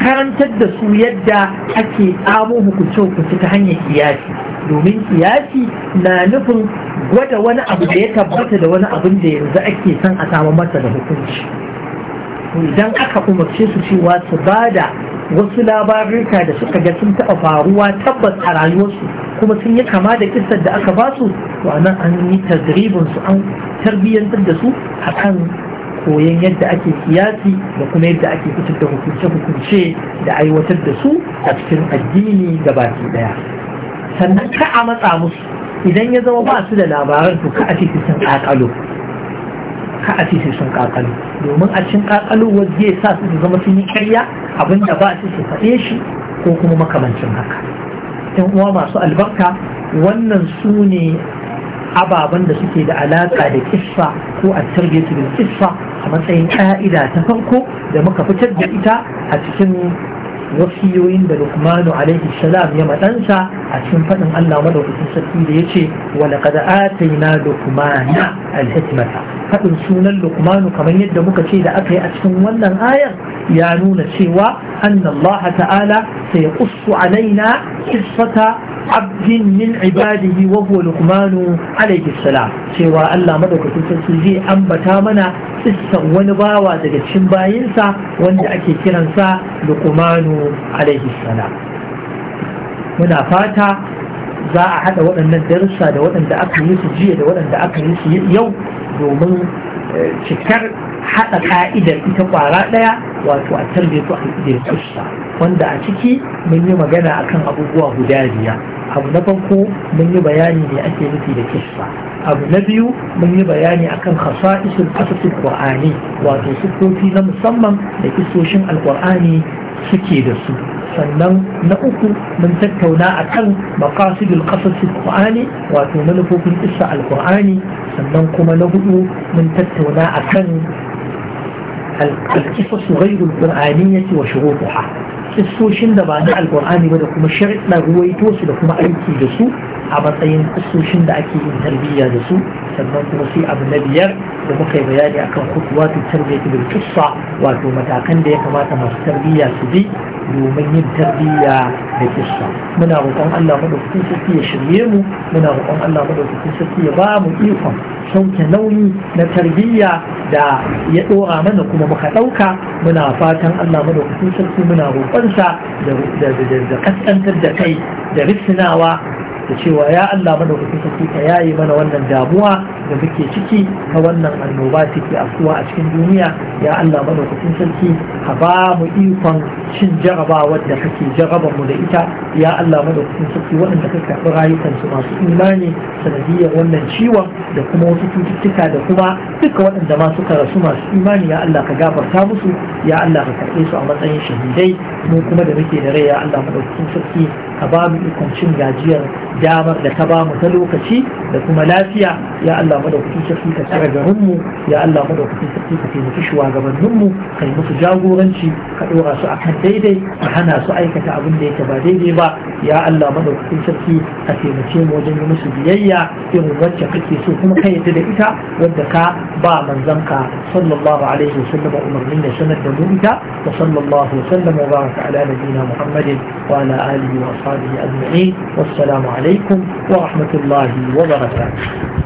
karantar da su yadda ake tsamo hukunce-hukunce ta hanyar kiyasi domin kiyasi na nufin gwada wani abu da ya tabbata da wani abin da yanzu ake son a samu mata da hukunci idan aka umarce su cewa su ba da wasu labarurka da suka ga sun taɓa faruwa tabbas a rayuwarsu kuma sun yi kama da kisar da aka ba su to nan an yi tadribin su an tarbiyyantar da su akan koyon yadda ake kiyasi da kuma yadda ake fitar da hukunce-hukunce da aiwatar da su a cikin addini gabaki daya sannan ka a matsa musu idan ya zama ba su da labaran to ka a ce sun kakalo ka a ce sun kakalo domin a cikin kakalo wanda zai sa su zama sun yi karya abinda ba su su faɗe shi ko kuma makamancin haka yan uwa masu albarka wannan su ne ababen da suke da alaƙa da kissa ko a tarbiyatu bil kissa a matsayin ka'ida ta farko da muka fitar da ita a cikin wasiyoyin da Luqmanu alaihi salam ya maɗansa a cikin faɗin Allah madaukakin sarki da yace wa laqad atayna Luqmana al-hikmata Faɗin sunan Luqmanu kamar yadda muka ce da aka yi a cikin wannan ayar ya nuna cewa anna Allah ta'ala sayqussu alaina qissata abdin min ibadihi wa huwa Luqmanu alaihi salam cewa Allah madaukakin sarki zai ambata mana kissan wani bawa daga cikin bayinsa wanda ake kiransa Luqmanu alaihi salam muna fata za a haɗa waɗannan darussa da waɗanda aka yi su jiya da waɗanda aka yi su yau domin eh, cikar haɗa ka'idar ita ƙwara ɗaya wato a su al-idrisusa wanda a ciki mun yi magana akan abubuwa guda biyar abu na farko mun yi bayani ne ake nufi da kissa abu na biyu mun yi bayani akan khasa'isul qasasul qur'ani wato sufofi na musamman da isoshin alqur'ani suke da su sannan na uku mun tattauna a kan makasidul ƙasashen Alƙur'ani wato manufofin isa Alƙur'ani sannan kuma na hudu mun tattauna a kan alƙisas ghairul ƙur'aniyyati wa shuruɗuha kissoshin da ba na alƙur'ani ba da kuma sharɗa ruwaito su da kuma aiki da su a matsayin kusoshin da ake yin tarbiyya da su sannan kuma sai abu na biyar da muka yi bayani akan wato tarbiyya bil qissa wato matakan da ya kamata masu tarbiyya su bi domin yin tarbiyya da kissa muna roƙon Allah madaukakin sarki ya shirye mu muna roƙon Allah madaukakin sarki ya ba mu ikon sauke nauyi na tarbiyya da ya ɗora mana kuma muka ɗauka muna fatan Allah madaukakin sarki muna roƙonsa da kaskantar da kai da risinawa da cewa ya Allah madaukakin sarki ka yaye mana wannan damuwa da muke ciki ta wannan annoba take afkuwa a cikin duniya ya Allah madaukakin sarki ka ba mu ikon cin jarabawar da kake jarabar mu da ita ya Allah madaukakin sarki waɗanda ka rayukansu masu imani sanadiyar wannan ciwon da kuma wasu cututtuka da kuma duka waɗanda ma suka rasu masu imani ya Allah ka gafarta musu ya Allah ka karɓe su a matsayin shahidai mu kuma da muke da rai ya Allah madaukakin sarki ka ba mu ikon cin gajiyar damar da ta bamu ta lokaci da kuma lafiya ya Allah madaukakin sarki ka tsara garin mu ya Allah madaukakin sarki ka taimaki shugabannin mu ka yi musu jagoranci ka dora su akan daidai ka hana su aikata abin da yake ba daidai ba ya Allah madaukakin sarki ka taimake mu wajen yi musu biyayya irin wacce kake so kuma ka yadda da ita wadda ka ba manzanka sallallahu alaihi wasallam umarnin ya sanar da mu ita wa sallallahu wasallam wa baraka ala nabiyina muhammadin wa ala alihi wa ashabihi ajma'in wassalamu alaikum عليكم ورحمة الله وبركاته